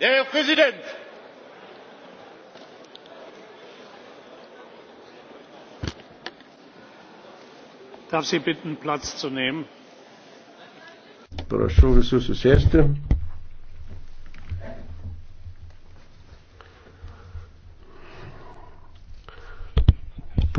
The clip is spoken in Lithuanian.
Der Präsident! Darf Sie bitten, Platz zu nehmen? Prašau visus susėsti.